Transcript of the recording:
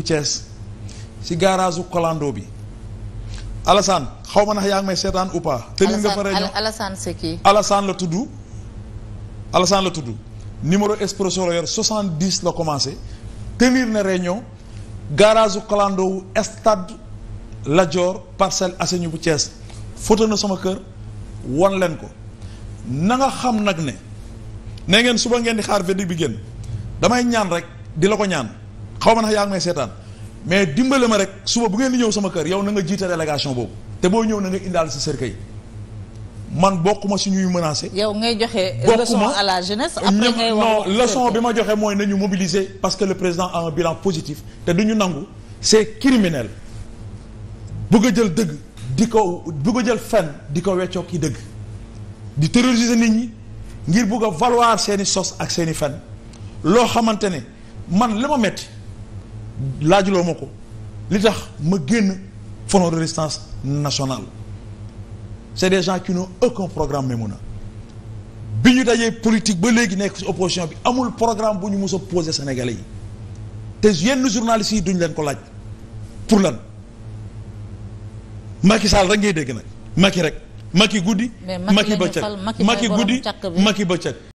bu Thiès ci garage u Kolando bi Alassane xaw ma ndax yaa ngi may seetaan ou pas. tenir nga fa réunion Alassane c'est qui la tudd Alassane la tudd numéro expresso la yor la commencé tenir na réunion garage u Kolando wu stade Lat Dior Parcelles bu Thiès foto na sama kër won leen ko nanga xam nag ne ne ngeen suba ngeen di xaar verdict bi génn damay ñaan rek di la ko ñaan xaw ma ndax yaa ngi may seetaan mais dimbale ma rek suba bu ngeen di ñëw sama kër yow na nga jiite boobu te boo ñëw na nga indaal si cercueil yi man bokkuma si ñuy menacé. yow ngay joxe leçon à la jeunesse. après ngay wax bi ma joxe mooy nañu mobiliser parce que le président a un bilan positif te du ñu nangu c'est criminel bëgg a jël dëgg di ko bëgg a jël fen di ko weccoo ki dëgg di terroriser nit ñi ngir bëgg a valoir seeni sos ak seeni fen loo xamante ne man li ma metti laaj loo ma ko li tax ma génn front de résistance nationale c'est des gens qui n'ont aucun programme Maimouna bi ñu dajee politique ba léegi nekk ci opposition bi amul programme bu ñu mës a posé Sénégalais yi te yenn journalistes yi duñ leen ko laaj pour lan Macky Sall rek ngay dégg nag Macky rek Macky guddi Macky bëccëg Macky guddi Macky bëccëg